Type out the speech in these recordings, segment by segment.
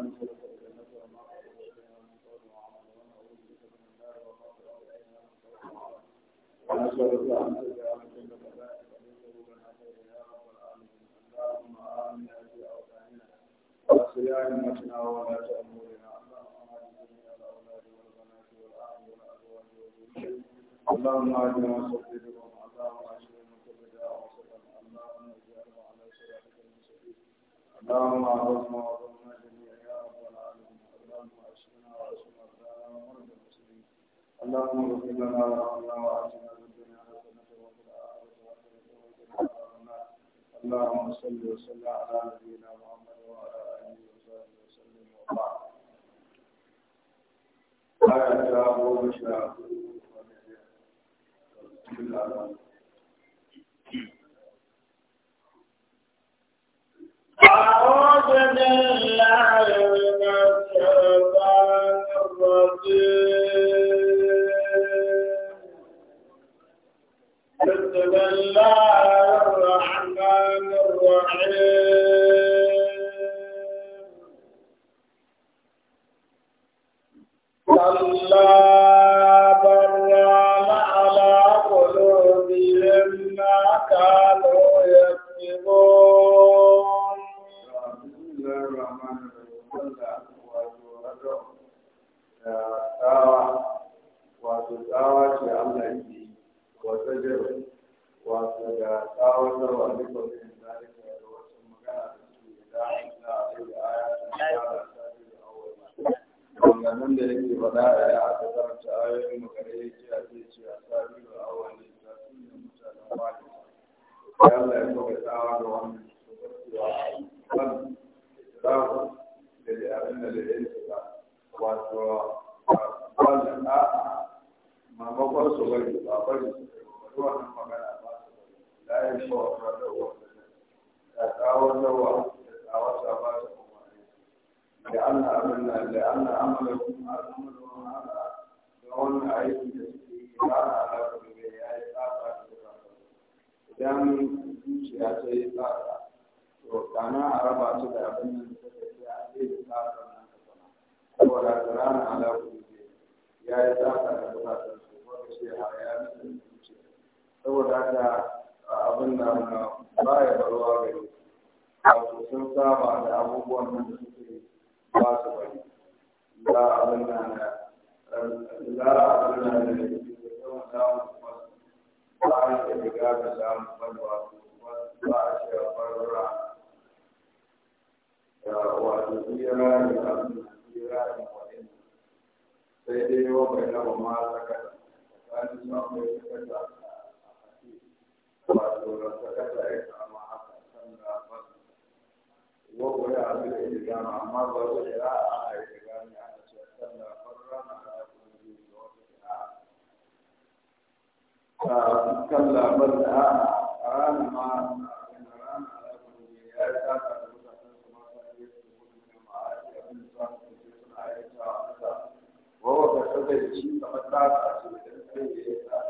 نسألك الجنة وما قرب إليها من قول وعمل ونعوذ بك من النار وما قرب إليها من قول وعمل ونسألك أن تجعل الجنة ذلك منه من أتيت يا رب العالمين اللهم آمن في أوطاننا وأصل أئمتنا وولاة أمورنا اللهم آمن جميع الأولاد والبنات والأهل والأزواج والذرية اللهم آمن وصدق بهم اللهم أشهد من كل داء وصدق اللهم اجعله على صراطك المستقيم اللهم أعظم وأعظم اللهم اغفر لنا وارحمنا واتنا في الدنيا حسنه وفي الاخره حسنه وقنا عذاب النار اللهم صل وسلم على نبينا محمد وعلى اله وصحبه وسلم وبعد آية أبو بشار أعوذ بالله من الشيطان الرجيم بسم الله الرحمن الرحيم كلا بران على قلوبهم ما كانوا يكسبون بسم الله الرحمن الرحيم وتساوى وتساوى في الله wasajar wato da tsawatarwa duka bin zalika da wasu magana da suke da za a bai da aya da awali maganganun da yake faɗa a ya aka karanta ayoyin magana ya ce a zai ce a sati da awali ta sunne mutanen wani ya Allah ya kawo tsawa da wannan shugaban tsawa da da abin da da ya ce ba wato ba da a'a mamakon su bari ba bari su wannan magana ba su da layin shawarar da wannan da tsawon yawa da tsawon sa ba su da an abin da an da da yi na alaƙa ya yi idan tsaka to a raba su da abin da alaƙa ya yi tsaka da saboda haka abin da ba ya barwa gari wato sun saba da abubuwan nan da suke ba su bari za a abin da za a abin da ne da ke yawan samun wasu ba a yi riga da samun barwa ba a ce a barwa wato tsira da abin da tsira da wani sai dai yau bai raba ma tsakanin tsakanin samun ya tsakanin wato rasakata ya kama ya da ya a ya gani ana ce sanda farra a yi ya da yi yi suna zai ci da ta yi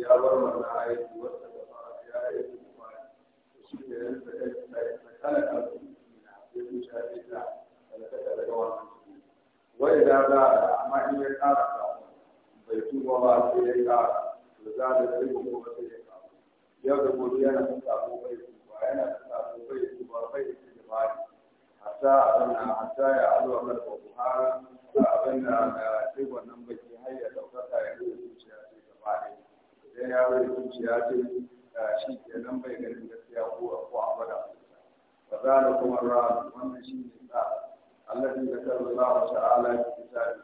ya bar mana aiki wata da ba ya aiki da ba shi ne ya tsakala da su ya zuciya ne ta tsakala daga wannan ciki wai da za a amma in ya kara ka bai tuba ba sai ya kara da za da zai kuma sai ya kara yau da gobe yana ta sabo bai tuba yana ta sabo bai tuba bai tuba hatta abin hatta ya azo a karfa ba abin da ya ce wannan baki har ya ɗaukaka ya zuciya ce gaba ɗaya Idan ya bai zuciya ce shi ke nan bai ganin gaskiya ko ko abada za zalika kuma ra wannan shi ne sa Allah ya karɓa Allah ta'ala ya kitabi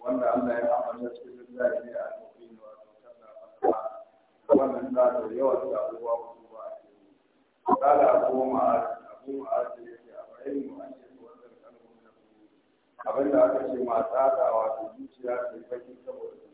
wanda Allah ya amana cikin littafi a cikin wato sallah wannan da da yawan sabuwa ko ba a yi kala ko ma abu ma da yake a bayin mu an ce wannan kalmomin abinda aka ce ma tsada wato zuciya ta yi baki saboda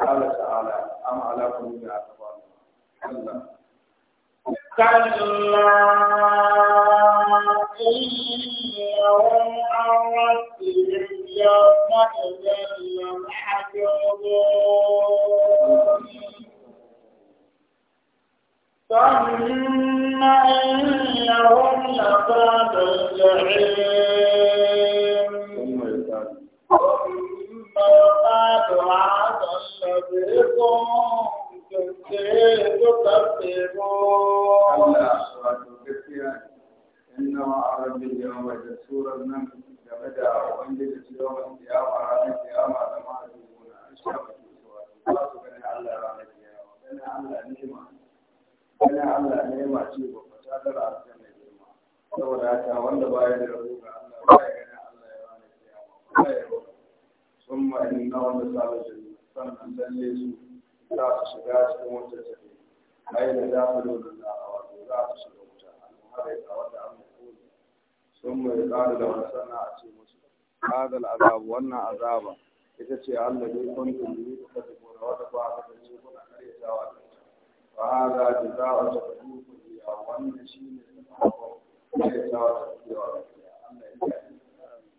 قال تعالى أم على قلوب أقوام كلا كلا إنهم عن يوم يومئذ لمحجوبون ثم إنهم لقد الجحيم مرقات هذا الذي كنتم به تكذبون إنما أربي يوم السورة من جمدا وأنجز يوم القيامة على القيامة لما يقولون أشهد أن لا إله إلا الله ana Allah nema ana Allah nema ce ba ku ta dara aljanna nema saboda haka wanda baya da rabu ga Allah baya ganin Allah ya rana kiyama baya sun ma'ani na wanda sabajin sannan lalle su za su shiga cikin wata tafi ai da za su lona na a wato za su shiga wuta al'ummar ya da amma kone sun mai tsari da wani sana a ce musu hada azabu wannan azaba ita ce allah ne kwanton ne ta tafi da wata ba a ce kuna karyatawa da ita fa hada da za a tafi kudi a wannan shi ne sakamakon karyatawa da kuke wa Allah ya yi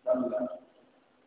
Allah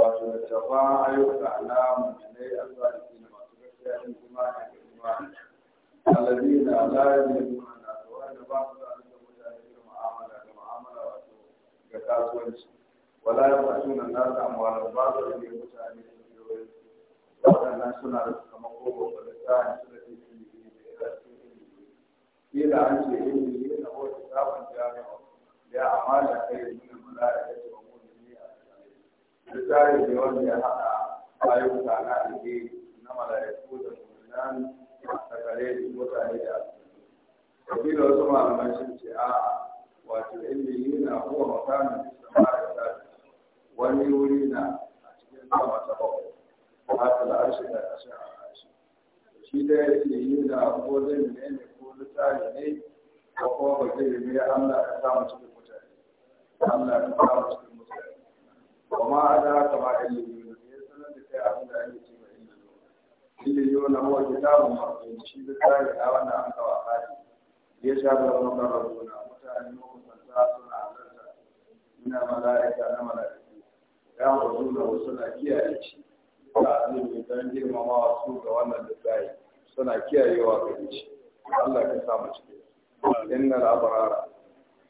wato da tafa ayyuka alamu da dai azaliki masu gaskiya da imani da imani allazi na alayi da imani da wanda ba su da da mutane da mu'amala da mu'amala wato ga kasuwanci wala ya fasu na nasa amwalar ba su da ne mutane da yoyin waɗannan suna da suka makogo ba da sa'ani su da ke ilimi da ira cikin ilimi kila an ce ilimi na wata sabon jami'a ya ta kai nuna mala'ikatu misali ne wanda ya haɗa ayyuka na alheri na mala'iku da mummunan sakare da mutane da asibiti. Sabila wasu malamai shi ce a wato ilimi na huwa makamin samari da wani wuri na a cikin sama ta bakwai. Haka da arshe da ƙashin arashi. Shi da ilimi na ko zai ne ne ko littafi ne ko kuma ba zai ne Allah ya samu cikin mutane. Allah ya samu وما أدراك ما عليون يسألون بك أبن ذلك ما عليون عليون هو كتاب مرحوم شيء بالتالي أولا أنت وأخاتي يشهد المقربون متعلمون سنساتنا عزلتا من الملائكة الملائكة يا رسول الله سنة كيائك تعليم تنجير مما وصول وانا بالتالي سنة كيائي واقعيك الله كسامك إن الأبرار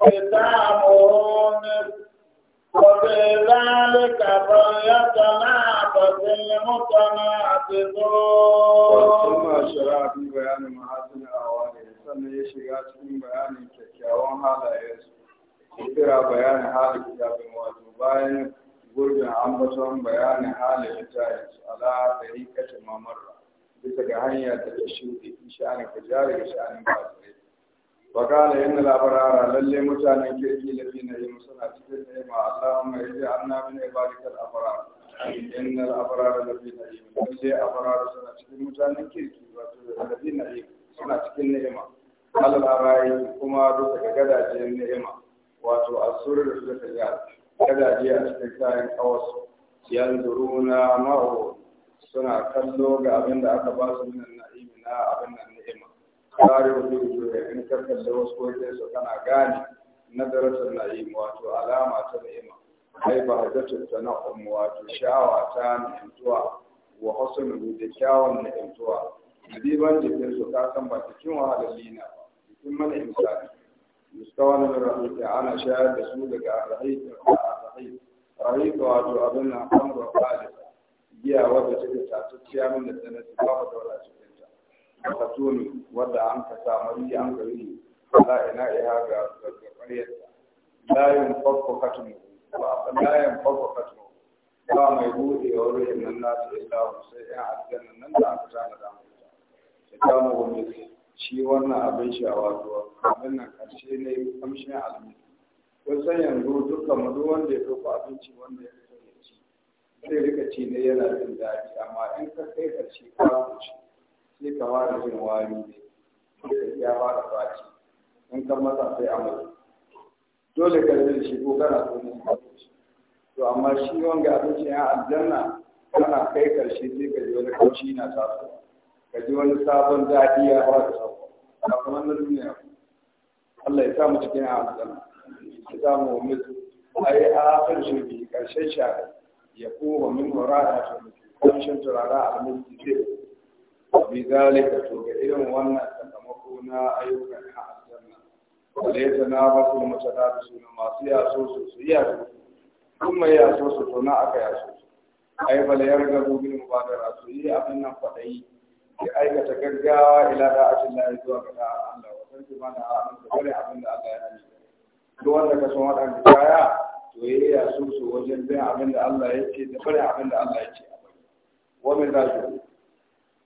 كتاب وفي ذلك فليتنافس المتنافسون. ثم ya shiga cikin bayanin kyakkyawan halayensu. Kira bayanin halin kitabin wato bayan gurbin ambaton bayanin halin littafinsu ala ɗari kashe mamarra bisa ga hanyar da ta shuɗe sha'anin kajari da sha'anin basirai. وقال إن الأبرار للي متانا كيكي لبين يمسنا تكين نعمة اللهم اجعلنا من عبادك الأبرار إن الأبرار لبين يمسنا للي أبرار سنا تكين متانا كيكي لبين يمسنا suna cikin ni'ima al'arayi kuma duka ga gadajen ni'ima wato asirin da ta ga gadaje a cikin kayan kawasu yanzu runa ma'o suna kallo ga abin da aka ba su na abin nan tare da duk da in ka da wasu wajen su kana gane nazaratul yi wato alama ta ni'ima ai ba na umu wato sha'awa ta ni'imtuwa wa na da kyawun ni'imtuwa diban jikin su ka san ba cikin wahalalli na ba cikin mana na mustawana rahita ana shayar da su daga rahita rahita rahita wato abin nan amurwa kwalita giya wadda take tatacciya min da ba babu daura makasuni wadda an ka sa mari an ka rufe ala ina iha ga ƙaryarsa layin farko katumu ba a layin farko katumu ba mai buɗe wa ruhin nan nasu illahu sai yan aljanna nan da aka tana da mu ta kama gwamnati shi wannan abin sha wato abin nan ƙarshe ne kamshin almisi kun san yanzu dukkan mu duk wanda ya ɗauko abinci wanda ya fito ya ci zai rika ci ne yana jin daɗi amma in ka kai ƙarshe ka kuce sai ka fara jin wari ne sai ya fara faci in ka masa sai amai dole ka zai shi ko kana so ne ka to amma shi wanga abinci ya aljanna kana kai karshe sai ka ji wani kauci na tasowa ka ji wani sabon daɗi ya fara sauwa na kuma na duniya Allah ya samu cikin aljanna ya samu mutu ai a a shi bi karshen shara ya kowa min wara da shi karshen turara a mutu zai bi zalika to ga irin wannan sakamako na ayyukan na aljanna walaita na basu mutada da suna masu yaso su su yaso kuma yaso su to na aka yaso su ai bala ya riga gobin mubadara su yi abin nan kwaɗayi ya aikata gaggawa ila da'atin lahi zuwa ga da'a Allah wa sarki ma da ha'an da abin da Allah ya hali wanda ka san waɗanda wajen abin da Allah ya da abin da Allah ya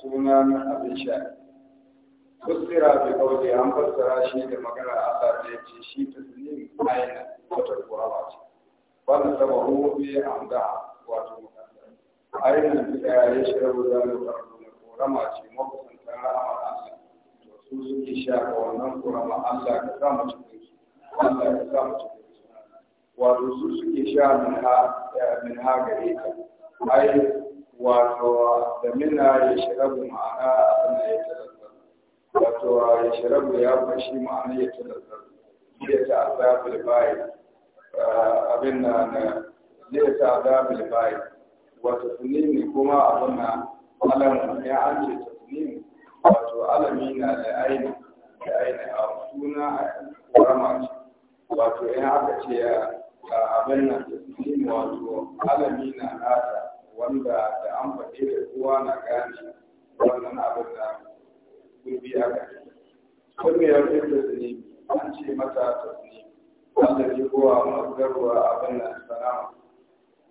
sunan abin sha fassira bi an fassara shi da magana a da ce shi taslim aina wata ba ce wannan sababu a amda wato ayin da ya shirabu da lokacin kurama ce makusanta a Allah to su suke sha ga wannan kurama ma'asa ka sa mu cikin su Allah ka sa mu cikin wato su suke sha min ha eh, ha gare ta ayin wato da mina ya shirabu ma'ana abin da ya talazzar wato ya shirabu ya kunshi ma'ana ya talazzar zai ta azabil bayi ah, abin na na zai ta azabil bayi wato tunini kuma abin na alam ya an ce tunini wato alami na da aini da aini a suna kurama ce wato in aka ce ah, abin na tunini wato alami na nata wanda da an faɗe da kowa na gane wannan abin da gurbi aka ce. Kun ya fi tasnimi, an ce mata tasnimi, wanda ke kowa mazgarwa abin da sana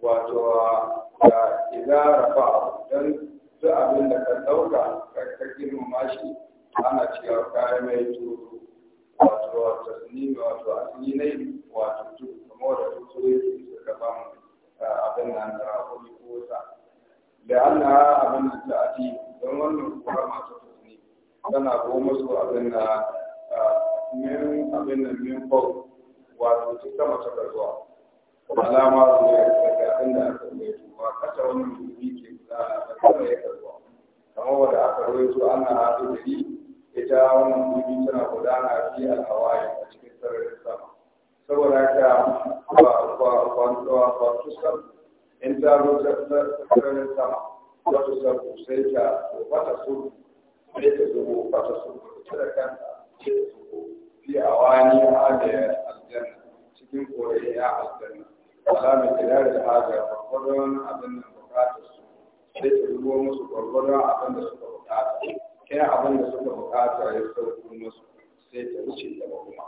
wato da iza rafa don su abin da ka ɗauka ka girmama shi ana cewa kayan mai turu wato tasnimi wato yi wato tutu kamar da tutu ka suka ban abin nan da kuma kusa da annaha abin da ta'ati don wannan kuma masu tsini tana ko su abin da min abin da min fau wato ta sama ta zuwa alama zuwa abin da aka mai tuwa kasa wannan dubi ke gudana da kuma ya karwa kamar wanda aka rawaito ana hadu da ni ita wannan dubi tana gudana fi alhawaye a cikin sararin sama saboda haka ba ba ba ba in ta zo ta sararin sama wata sarku sai ta wata sulhu sai ta zubo wata sulhu ta da kanta sai ta zubo fi a wani hada aljanna cikin kore ya aljanna alamun kira da hajar gwargwadon abin da bukatar su sai ta zubo musu gwargwadon abin da suka bukata kai abin da suka bukata ya sauko musu sai ta wuce da kuma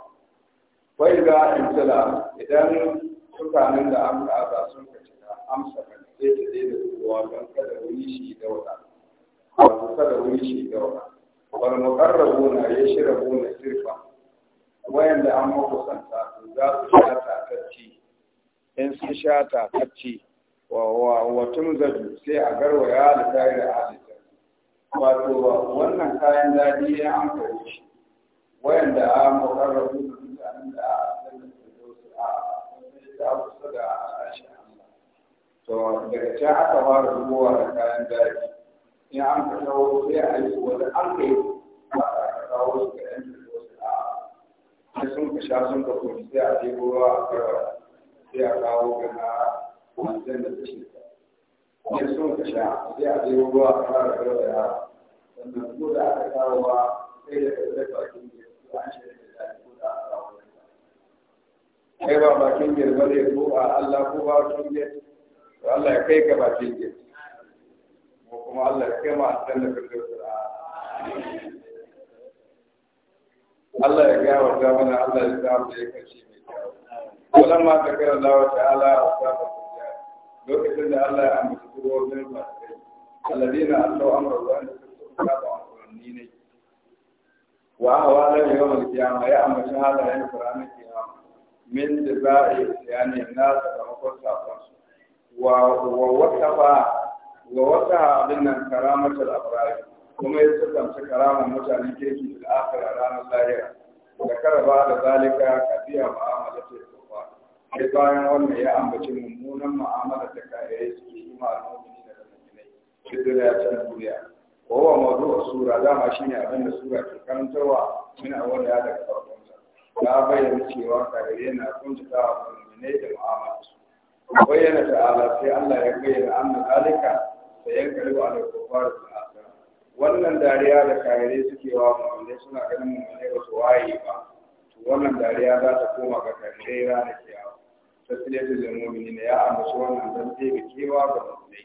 wai ga intila idan mutanen da an ka sun kace amsa kan sai ta daina kowa don kada wani shi dauda wato kada wani shi dauda wal muqarrabuna yashrabuna sirfa wayanda an makusanta su za su sha takacci in sun sha takacci wa tumzaju sai a garwa ya da tayar halitta wato wannan kayan daɗi ya an kare shi wayanda an makarrabu na, mutanen da a da su a kusa da to daga can aka fara dubowa da kayan daji in an ka kawo sai a yi wanda an ka yi ba a kawo su ga yan jirgin a sai sun ka sha sun ka kuma sai a ɗebo ruwa a karwa sai a kawo ga na wancan da ta shi sai sun ka sha sai a ɗebo ruwa a karwa da karwa da sannan ko da aka kawo ba sai da ɗaukar bakin da ya an shirya da daji ko da aka kawo kai ba bakin girma ne ko ba Allah ko ba tun yadda والله كيف ما تيجي الله كما استنى في الدكتور الله يا وجبنا الله يسلم عليك شيء ولما ذكر الله تعالى أصحاب لو كتبنا الله أن يكتبوا من الذين أتوا أمر الله وهو على يوم القيامة يعمل شهادة عن القرآن الكريم من دفاع يعني الناس فمقصها فرصة wa wasafa wa abin nan karamatul abrar kuma ya sukanta karamar mutanen kirki fil akhirah ranar lahira da karaba da zalika kafiya mu'amala ta tsofa sai bayan wannan ya ambaci mummunan mu'amala da kayayyaki suke yi ma al'ummini da mu'minai duk ya can duniya wawa mazu a sura dama shi ne abin da sura ke karantarwa muna wanda ya daga farkonsa ta bayyana cewa kayayyaki na kuntata wa mu'minai da mu'amalarsu bayyana ta'ala sai Allah ya bayyana annan zalika da yan kalbu ala kufar ta'ala wannan dariya da kayare suke wa mu'mini suna ganin mu'mini ba su waye ba to wannan dariya za ta koma ga kare ranar kiyama da lil ne ya amsa wannan dan sai ga kewa ga mu'mini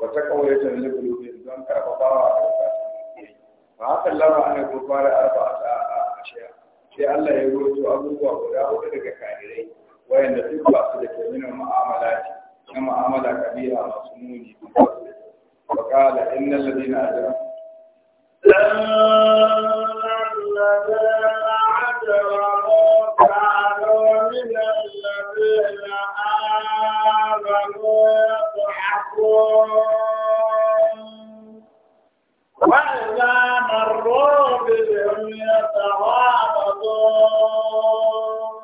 wa ta kawaita lil zan don karbabawa a cikin ba haka lama ana kufar arba'a a sai Allah ya rubuto abubuwa guda hudu daga kayare wayanda duk ba su da kyau mu'amala ce na mu'amala kabira masu muni وقال إن الذين أجرموا الذين أجرموا كانوا من الذين آمنوا يضحكون وإذا مروا بهم يتغامزون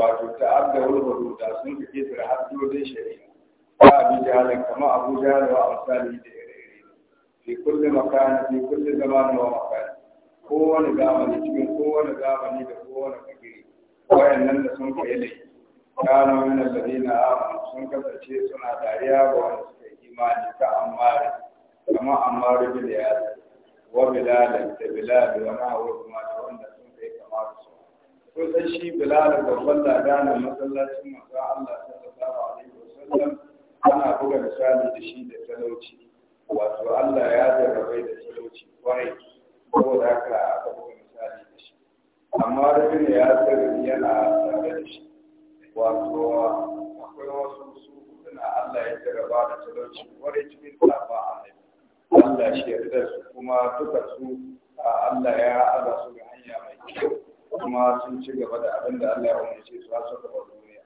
wato ta ta'adda wani rubuta sun fi ƙetare haddodin shari'a ba abu jahalin kama abu jahalin wa amsali da ire-ire fi kulle makani fi kulle zamani wa makani kowane zamani cikin kowane zamani da kowane kagiri nan da sun kai laifi kano min alladhina amanu sun kasance suna dariya ga wanda suka yi imani ka ammari kama ammari bil yasir wa bilal da bilal wa nahwu ma da wanda sun kai kama su kun san shi bilal babban lada na masallacin manzo Allah sallallahu alaihi wasallam ana buga misali da shi da talauci wato Allah ya jarrabai da talauci kwarai saboda haka aka buga misali da shi amma rabin ya tsari yana tare da shi wato akwai wasu su suna Allah ya jarraba da talauci kwarai cikin safa annabi Allah shi yarda su kuma duka su Allah ya aza su ga hanya mai kyau kuma sun ci gaba da abin da Allah ya umarce su har suka duniya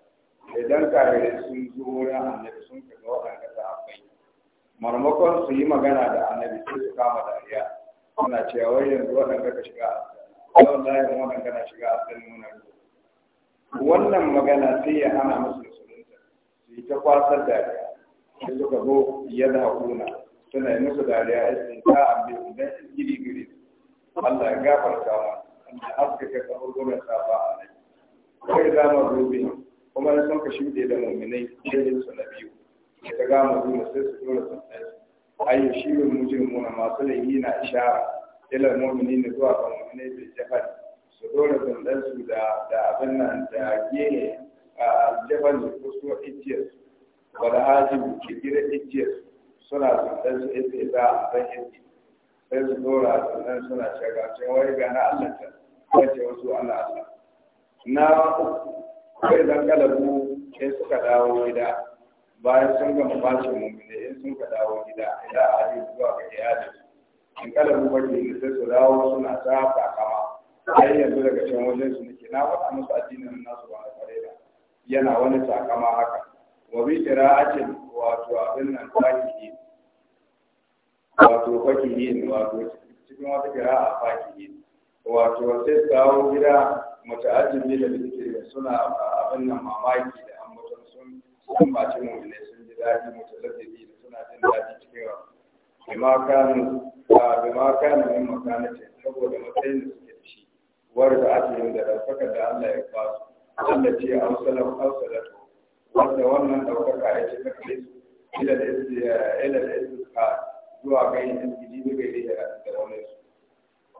idan kafirai sun zo wurin annabi sun ga waɗanda ta akwai marmakon su yi magana da annabi sai su kama dariya suna cewa wai yanzu waɗanda ka shiga aljanna wallahi zama waɗanda kana shiga a muna wannan magana sai ya hana musu musulunta su yi ta kwasar dariya sai suka zo yadda hakuna suna yi musu dariya isin ta abin don giri giri Allah ya gafarta wa da haskaka kaburburan safa a nan kawai gama rubin kuma na son ka shuɗe da mummunai shirin su na biyu da ta gama zuwa sai su dora sannan ayyu mujin mujrimuna masu laifi na ishara ila mu'minin zuwa ga mu'minai bil jahal su dora sannan su da abin nan da gene a jahal ko su ba da hajji ki gira ijiyar suna sannan su ita ita a ban ijiyar sai su dora sannan suna shaga ce wai ga na Allah ta wace wasu ana Allah na kai zan kalabu sai suka dawo gida bayan sun gama bacin mummune in sun ka dawo gida ila ali zuwa ga iyalin in kalabu ke ne sai su dawo suna ta takama sai yanzu daga can wajen su nake na faɗa musu addinin nasu ba na karera yana wani takama haka wa bi qira'atin wato abin nan taki wato fakihin wato cikin wata kira a fakihin wato sai kawo gida ajin ne da da suna abin nan mamaki da mutum sun sun baci mu'minai sun ji daɗi mutalazzabi da suna jin daɗi cikin wa bima kanu bima kanu min makanati saboda matsayin da suke da shi da ake da ɗaukaka da Allah ya ba su Allah ce ausalam ausalatu wanda wannan ɗaukaka ya ce ta kai su ila da ila da zuwa ga yin tasiri da bai da raunin su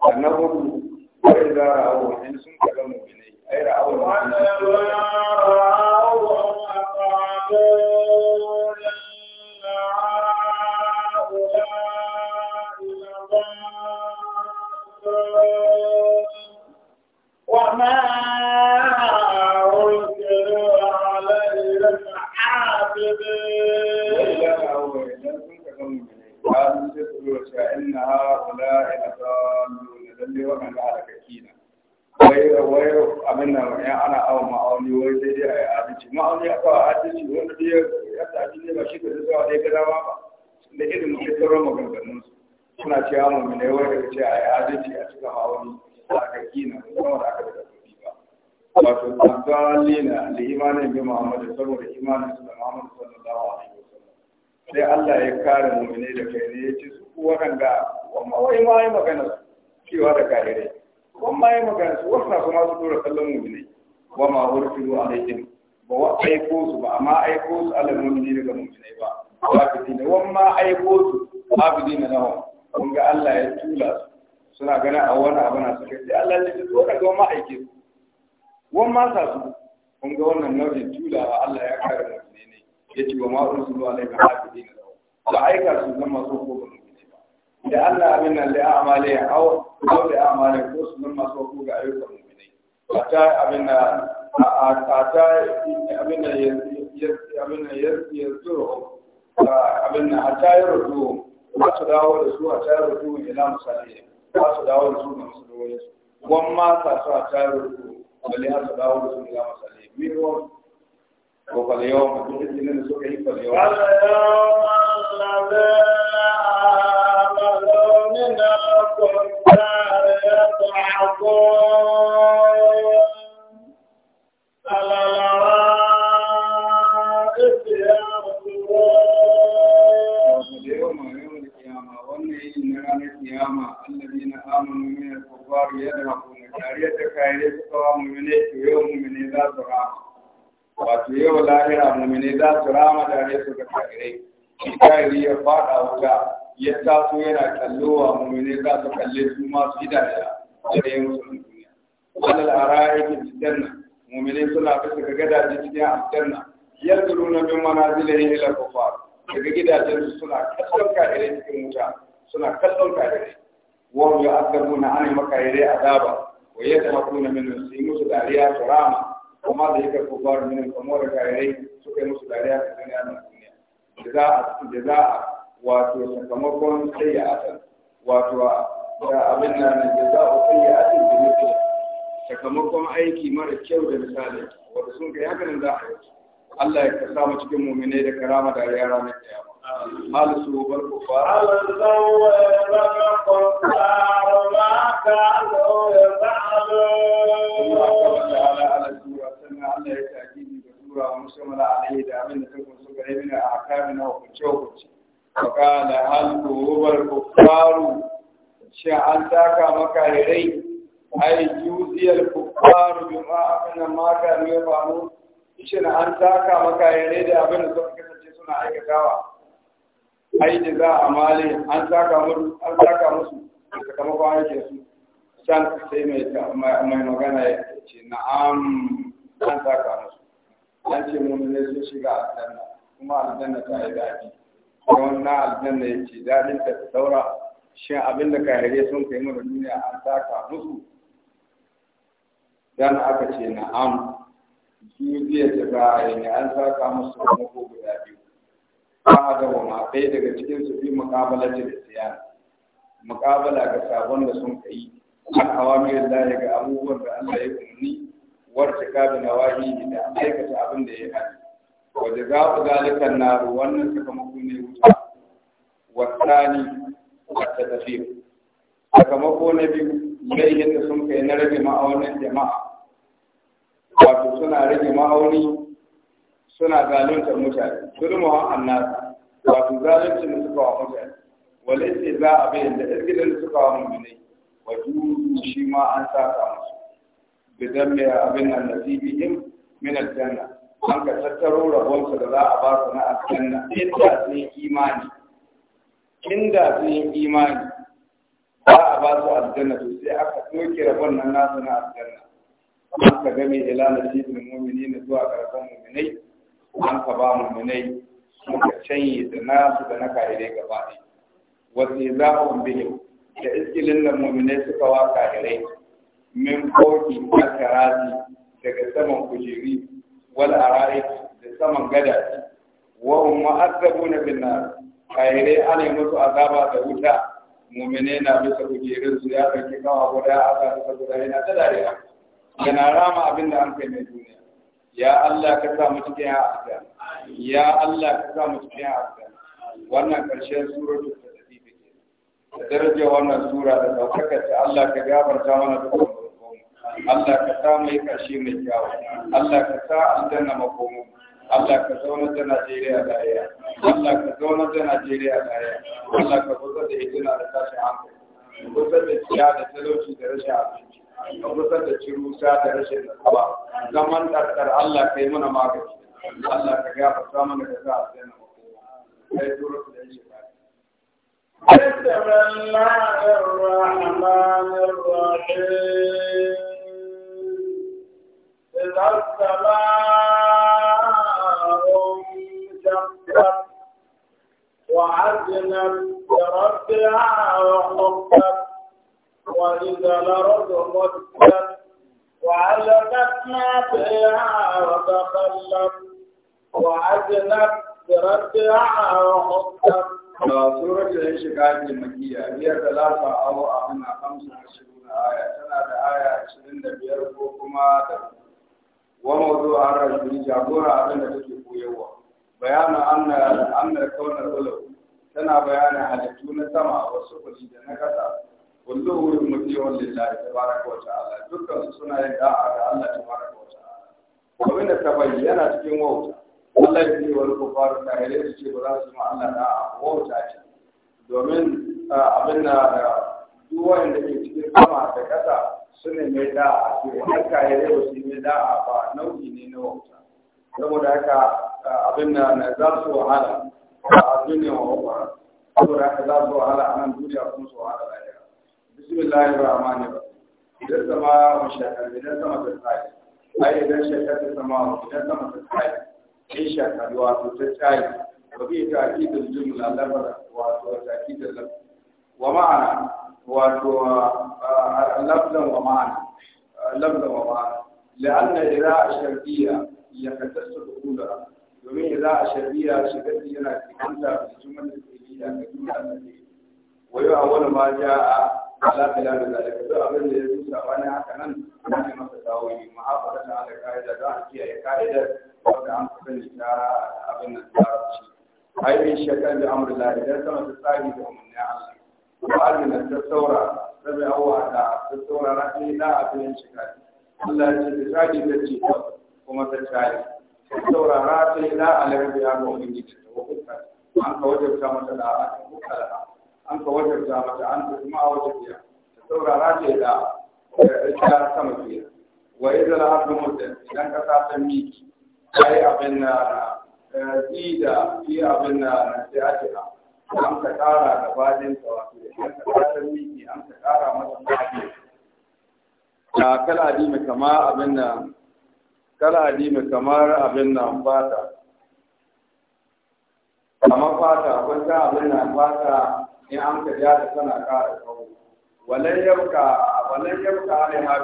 sannan hudu wai za a rawo sun kaga mu'minai ai ra'awar mu'minai cewa inna haula ila dalluna lalle wannan da halakaki na wai wai abin nan ya ana awon ma'auni wai sai dai a yi adalci ma'auni a kawo adalci wanda dai ya tafi ne ba shi ka zuwa dai gada ba da irin mutattarwar maganganun su suna cewa mu ne wai daga ce a yi adalci a cikin ma'auni halakaki na kuma da aka daga kuɗi ba wato tsantsani na da imanin bi muhammadu saboda imanin su da muhammadu sallallahu alaihi sai Allah ya kare mu'mine da kai ne ya ci su ku waɗanda wamma wai ma yi magana su cewa da kahirai wamma yi magana su wasu na kuma su dora kallon mu'mine wamma wurfilu alaihim ba wa aiko su ba amma aiko su alal mu'mini daga mu'mine ba wafidina wamma aiko su na nahum kun ga Allah ya tula su suna gana a wani abu na kai. Sai Allah ya su zo daga wani aiki ma sa su kun ga wannan nau'in tulawa Allah ya kare mu yace wa ma ursilu alayka hafidina ba aika su zama so ko ba da Allah abin nan da amale ya hau ko da amale ko su zan masu ko ga ayyukan ta ata abin da ata abin da abin da ya zuro abin da ta yi rudu ba su dawo da su a ata ya rudu ila misali ba su dawo da su ga su wani ma ta su ta yi rudu balle ha su dawo da su ila misali mi ruwan وفاليوم كل الذين سكروا فاليوم فاليوم الذين آمنوا من الكفار يضحكون على الأرائك ينظرون الذين آمنوا من الكفار يضحكون كارية كارية سواء مؤمنين ويوم مؤمنين لا تراه wato yau lahira mumine za su rama da su ga kafirai kafiri ya fada wuta ya taso yana kallowa mumine za su kalle su ma su da da yin musulmi duniya wal araiki bijanna mumine suna bisa ga gadaje cikin aljanna yanzuruna min manazilihi ila kufar daga gidajen su suna kallon kafirai cikin wuta suna kallon kafirai wa yu'adabuna an makaire azaba wa yadhakuna min musu dariya rama. Kuma da yake kubar min kamar da yayi suka yi musu dariya da a nan duniya da duniya jaza'a jaza'a wato ya sayyi'atan wato da abin za nan jaza'u sayyi'atin bi mithli sakamakon aiki mara kyau da misali wanda sun kai haka nan za a yi Allah ya kasa mu cikin mu'minai da karama da yara na kiyama hal su bar kufara wal kuffaru shi an taka maka rai ai an taka maka da suna aikatawa da za a mali an taka musu an taka musu sakamakon aikin su can sai mai magana ya an taka musu an ce sun shiga aljanna kuma aljanna ta yi daɗi don na aljanna ya ce daɗin ta saura shi abin da kahire sun kai mana duniya an saka musu dan aka ce na su duniya ta ba ne an saka musu ko guda biyu ba a gaba ma ɗaya daga cikin su bi muƙabala ce da siya muƙabala ga sabon da sun kai an awamirin lahi ga abubuwan da Allah ya umarni warta kabin nawahi da aikata abin da ya haɗu waje za ku zalikan naru wannan sakamako ne wuta Wata wasani a ta A tafiya sakamako na biyu laihin yadda sun kai na rage ma'aunin jama'a wato suna rage ma'auni suna zalunta mutane zulmuhan annasa wato zalunci da suka wa mutane wale ce za a bayyana da izgilin da suka wa mummunai wa shi ma an sa saka musu bidan mai abin nan nasibihim min aljanna an ka tattaro rabonsu da za a ba su na aljanna inda sun yi imani inda sun yi imani za a ba su aljanna to sai aka doke rabon nan nasu na aljanna an ka mai ila nasibin mumini na zuwa karfan muminai an ka ba muminai suka canye da nasu da na kahire gaba wasu wasu za a yau da iskilin da muminai suka wa kahirai min koki a karati daga saman kujeri wal araik da saman gada wa hum mu'azzabuna bin nar kayre musu azaba da wuta mu'mine na bisa kujerin su ya dauki kawa guda aka ta guda yana ta dariya yana rama abinda an kai mai duniya ya Allah ka sa mu cikin azaba ya Allah ka sa mu cikin wannan darajar wannan da Allah ka gafarta mana Allah ka sa yi ƙarshe mai kyau Allah ka sa danna makomo Allah ka zauna da Najeriya lafiya Allah ka zauna da Najeriya lafiya Allah ka kusa da hijira da tashin hankali kusa da ciya da talauci da rashin abinci ka kusa da cirusa da rashin nasaba zaman tsarkar Allah ka yi mana magani Allah ka ba sa mana ka sa danna makomo kai turu da shi بسم الله الرحمن الرحيم إذا السماء انشقت وعزلت بربها وحقت وإذا الأرض مدت وعلقت ما وتخلت وعزلت بربها وحقت سورة الانشقاق المكية هي ثلاثة أو خمسة عشرون آية سنة آية عشرين بيركو كما wa mawdu ar-rajuli jagora abin da take koyarwa bayanin anna anna kaunar ulul tana bayanin halittu na sama wasu kuli da na kasa kullu wurin mutiyon lillahi tabaraka wa ta'ala dukkan su suna yin da'a ga Allah tabaraka wa ta'ala kuma da tabayyi yana cikin wauta Allah ya yi wani kufaru da hare su ce ba za su ma Allah da'a wauta ce domin ah, abin da duk wanda ke cikin sama da kasa suna mai da'a to har kayayyar wasu mai da'a ba nau'i ne na wauta saboda haka abin da na za su wahala a duniya wa wabara saboda haka za su wahala a nan duniya kuma su wahala a yau bismillahi rahmani rahim idan sama mashakar idan sama ta tsaye ai idan shakar ta sama idan sama ta tsaye in shakar wato ta tsaye wa bi ta akidul jumla lafara wato ta akidul lafara wa ma'ana wato lafzan wa ma'ana lafzan wa ma'ana la'anna idza ashariya ya kaddasa dukula domin idza ashariya shiga yana cikin da jumla fi'liya da jumla fi'liya wa ya awwal ma jaa ala khilaf zalika duk abin da ya zo sabani haka nan ne masa tawili muhafaza ta ala kaida da a kiyaye kaidar wanda an sani ta abin da ta ci ai in shakkan da amrullahi dan sama ta tsari da umarnin Allah wa'azi na ta saura ta mai hawa da ta saura na ɗaya da a cikin shiga Allah ce ta shaɗi ta ce kuma ta shaɗi ta saura na ɗaya da a lardi ya ga wani gidan da wakilka an ka wajen ta mata da a cikin kukala an ka wajen ta mata an ta kuma a wajen biya ta saura na ɗaya da a ɗaya da sama biya wa ya zala haɗin mutum idan ka sa ta miki ta yi abin na ɗi da ɗi abin na ɗaya ce ka an ka ƙara da bajin tsawon Na tsarin kama abin na kala kamar akwai abin fata an ka ja tana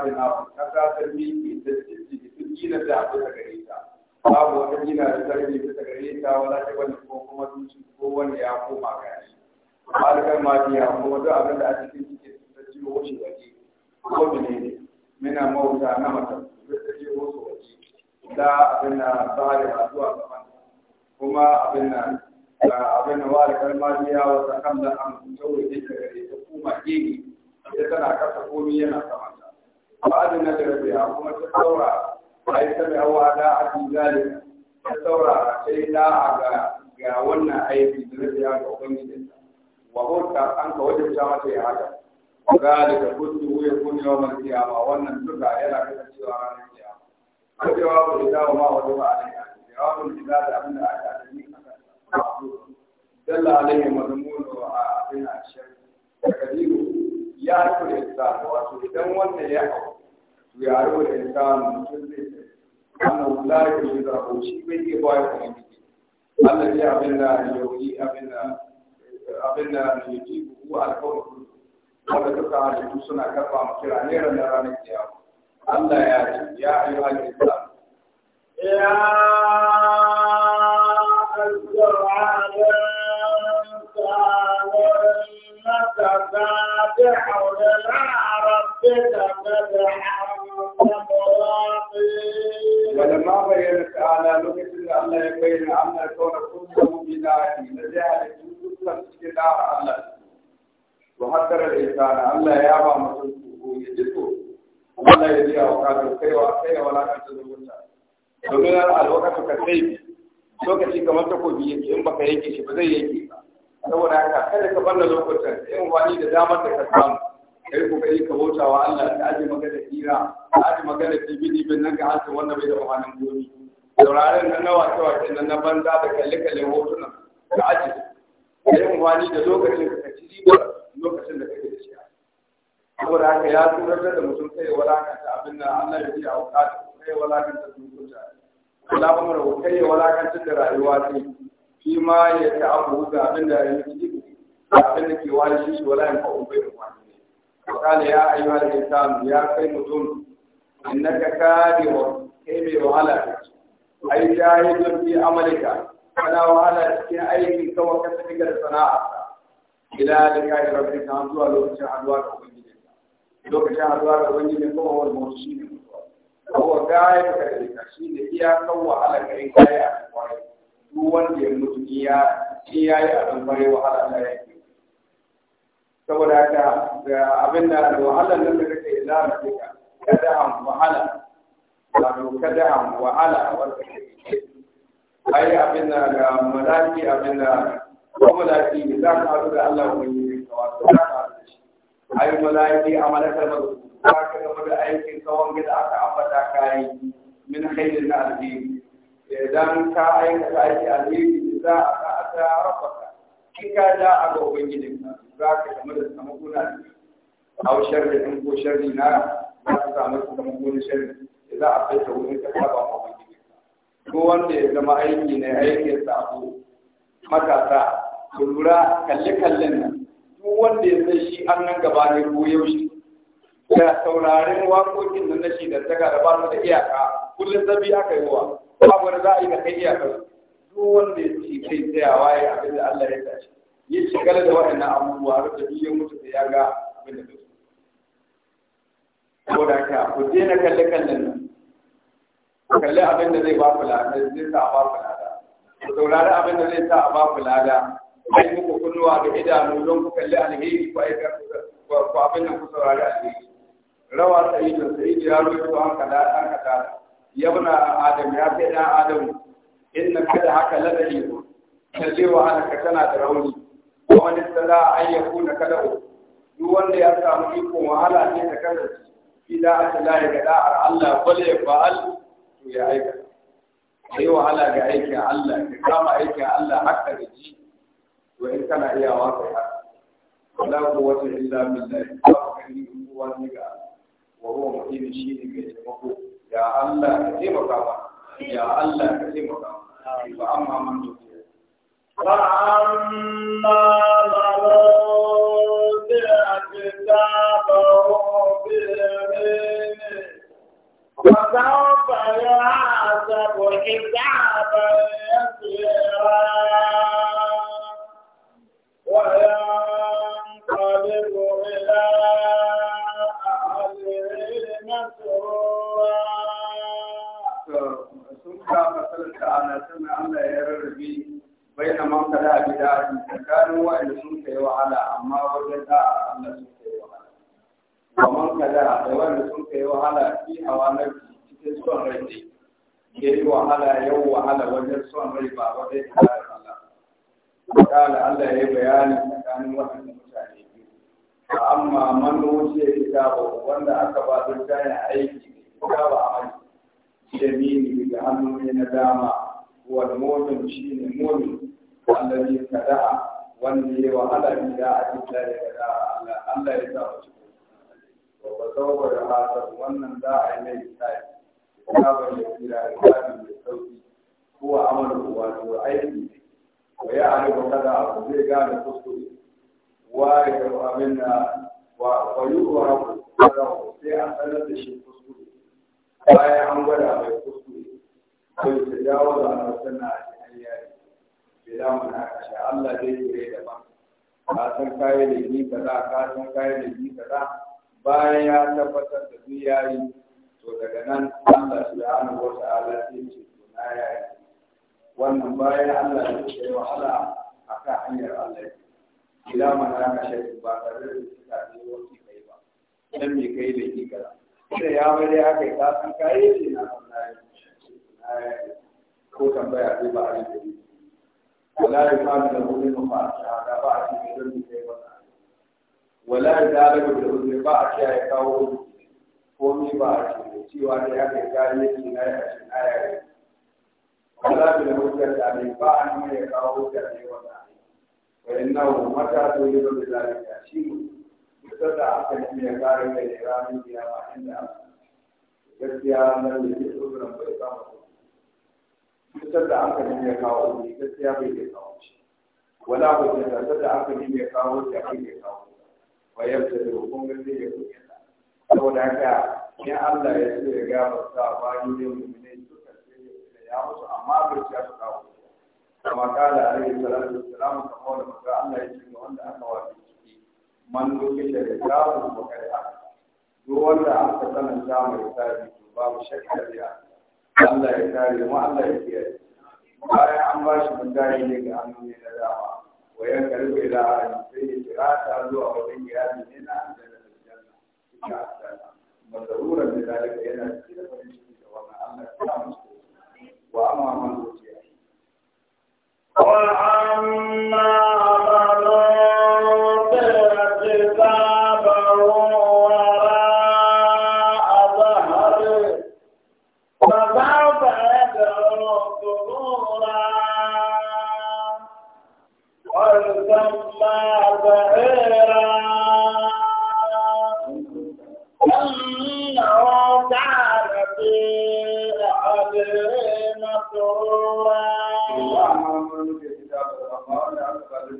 kawo kasa ta miki ciki gina da abu ta babu wata gina da ta gare ta wala wani ko kuma zuci ko wanda ya koma gari alkar mafiya kuma duk abin da a cikin cikin ta jiwo wuce waje ko bine ne muna mawuta na mata duk ta jiwo su waje da abin da tsari a zuwa gaban kuma abin da abin da wani kalmajiya wata kan da an jaure ne ta gare ta kuma gini ita tana kasa komi yana sama ta ba adin na da rabiya kuma ta saura a yi sami hawa da a zalika ta saura sai da a ga wannan aiki da rabiya ga ubangijinta wa hulka an ka wajen ta mata ya haka zalika kullu ya kun yawmal qiyamah wannan duka yana kasancewa ranar qiyama ko jawabu da ma wa duka alayka jawabun idza da abin da aka alimi akan dalla alayhi mazmun wa abin ashar kadiru ya ku insan wato idan wannan ya hau to ya rubu insan mutum wannan Allah abin da abin da ne ke buhu alkawar wanda suka halittu suna karba mu kira ne ranar ranar kiyama Allah ya ce ya ayyuha al-islam ya ولما بين تعالى لغة الله يبين أن كون كله بلا نزاع kan cikin da'a Allah wa haddara da ita insana Allah ya ba mutum kuku ya ji to Allah ya ji a wakatu kai wa kai wa lakanta ta domin alwakatu ka sai lokaci kamar takobi yake in baka yake shi ba zai yake ba saboda haka kada ka balla lokutan in wani da damar da ka samu kai ku kai ka bauta wa Allah ka aje magana hira ka aje magana tibidi bin nan ka aje wannan bai da wahalan gobe sauraren nan na wace wace nan na banza da kalle kalle hotunan ka aji. yin wani da lokacin da kaci riba lokacin da kake da shi saboda haka ya turar da mutum kai walakanta abin da Allah ya biya wa kada kai walakanta zuciya kula kuma da kai walakanta da rayuwa ce shi ma ya ta abu ga abin da ya ci da abin da ke wani shi shi wala in ka ubai da wani ne kala ya ayyuha al-insan ya kai mutum innaka kadi wa kai mai wahala ai jahilun fi amalika kana wahala cikin aikin kawai ka tafi sana'a ila da kai rabbi ta zuwa lokacin haduwa da ubangiji lokacin haduwa da ubangiji kuma wani mutum shi ne mutuwa gaya da kare ka shi ne iya kan wahala kai kai a kwarai duk wanda ya mutu iya ya yi abin kwarai wahala ta yake saboda haka ga abin da wahalar nan da kake ila da kika kada an wahala wato kada an wahala a wanda kake ai abin da ga malaki abin da ko malaki za ka haɗu da Allah ko yi kawa to za ka haɗu da shi ai malaki amalaka ba za ka gama da aikin kawan gida aka ambata kai min khairin na alheri idan ka aikata aiki alheri za a ka ta rabaka kin ka da a ga ubangijinka za ka gama da na samakuna da aw sharri in ko sharri na za ka samu samakuna sharri Za a fita wurin ka ba ko wanda ya zama aiki ne aikin sabo matasa su lura kalle-kallen nan duk wanda ya san shi an nan gaba ne ko yaushe da saurarin waƙoƙin nan nashi da daga da ba su da iyaka kullum zabi aka yi wa babu da za a yi da kai iyakar duk wanda ya ci kai tsayawa ya abin da Allah ya tashi ya shigala da waɗannan abubuwa da da biyan mutu da ya ga abin da Ko da ka ku daina kalle-kallen nan Kalle kalli abin da zai ba ku lada zai sa ba ku lada ku saurari abin da zai sa a ba ku lada ai muku kunnuwa da idanu don ku kalli alheri ku aika ku abin da ku saurari alheri rawa sai jira ku rubuta an kada an kada yabna adam ya kai da adam inna kada haka dai ku wa ana ka tana da rauni kuma da sala an yakuna kada ku duk wanda ya samu iko wahala ne ta kasance ila Allah ya ga da'ar Allah bale ba'al to ya aikata yi wahala ga aikin Allah ka kama aikin Allah haka da ji to in kana iya wa kai haka wala quwwata illa billah ba ka yi kowa ne ga wa huwa mu'min shi ne ga taimako ya Allah ka taimaka ma ya Allah ka taimaka ma fa amma man dukiya fa amma man dukiya kitabahu bi وسوف يعذب حسابا يسيرا وينقلب الى اهله مسرورا bainama kada a gida a cikin kanuwa inda sun kai wahala amma wajen da a amma sun kai wahala kamar kada da wanda sun kai wahala fi hawa na cikin son rai ne ya yi wahala yau wahala wajen son rai ba wajen tsarin Allah. Kala Allah ya yi bayani tsakanin wannan mutane biyu. Amma man wuce ba wanda aka ba don tayin aiki ne ba amai. Jamini ga hannu ne na dama wal mumin shi ne mumin wanda ne kada'a wanda ya wahala bi da a cikin Allah ya sa ba sauwa da hasar wannan za a yi mai misali kitabun da kira kitabun da sauki ko a amalin wato aiki ne. wa ya alifu kada abu zai gane kuskure wa ya abin da wa kwayo wa haku sai an sanar da shi kuskure bayan an gwada mai kuskure sai ta dawo da alasan na cikin yari bai damu na kashe Allah zai yi da ba. ka san kayan da ni kaza ka san kayan da ni kaza bayan ya tabbatar da duk yayi to daga nan Allah subhanahu wa ta'ala ya ce to na yayi wannan bayan Allah ya ce wahala akan hanyar Allah ila mana ka shi ba tare da suka ne wani kai ba dan me kai da kika sai ya bare aka ta san kai ne na Allah ko tambaya ko ba a yi wala ya fara da wani mafa da ba a cikin da kai ba wala da daga da uzuri ba a kiyaye kawo uzuri ko ba a ce cewa da ya kai kare yake na ya ce na ya yi wala da hujjar da ne ba a nuna ya kawo hujjar ne wata ne wa inna hu mata to ne ba da zalika shi mutar da aka yi ya kare da ya ramin biya ba inda gaskiya nan da ke tsoron bai samu mutar da aka yi ya kawo uzuri gaskiya bai kawo shi wala hujjar da aka yi ya kawo hujjar bai ke kawo wa yabta da hukumar zai ya kuke ta saboda haka in Allah ya so ya gafarta bayi ne mu'minai suka sai da ya musu amma bai ci su kawo kama kala alaihi salatu wassalam kama wanda maka Allah ya ce wanda aka wafi ciki man dokin da ya ko mu kai haka duk wanda aka da mai tsari to babu shakka da ya Allah ya kare mu Allah ya kiyaye bayan an ba shi mutane ne ga hannu ne na dama wayan karbu ila sai ya kira ta zuwa wurin iyali ne na aljanna da aljanna ita aljanna mazaruran da dalika yana cikin farin ciki da wannan Allah wa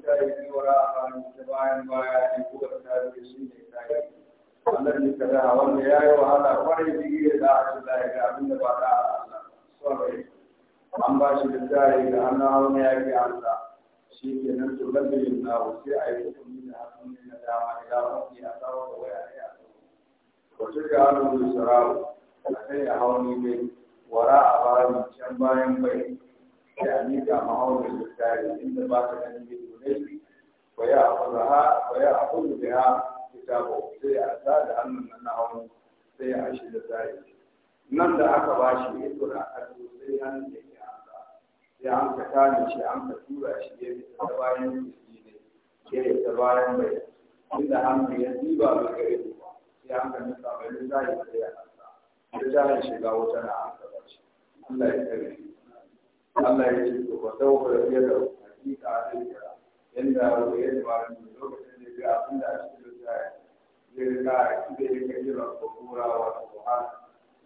التاريخ وراء عن اتباع بايع هو التاريخ سنة ba shi da an nawa na yaƙi Allah shi ke nan to lalle yin nawo sai a yi hukumi da hannun na dama Wace a kai a wara a bayan can bayan bai sai ga miƙa inda ba ta النبي ويأخذها ويأخذ بها كتابه nan da aka ba shi ya tura a kasu sai an da ya amsa sai an ka kame shi an ka tura shi ya ta bayan jiki ne ya yi ta bayan bai inda an ka ya diba mai gare ni ba sai an ka nisa mai ne za ya sai ya amsa ya shiga wata na amsa ba shi Allah ya kare Allah ya ce to ba daukar ya da hakika a cikin yadda wani ya ba da lokacin da ya ga abin da a cikin zai zai ka kide ya kai ko kura wa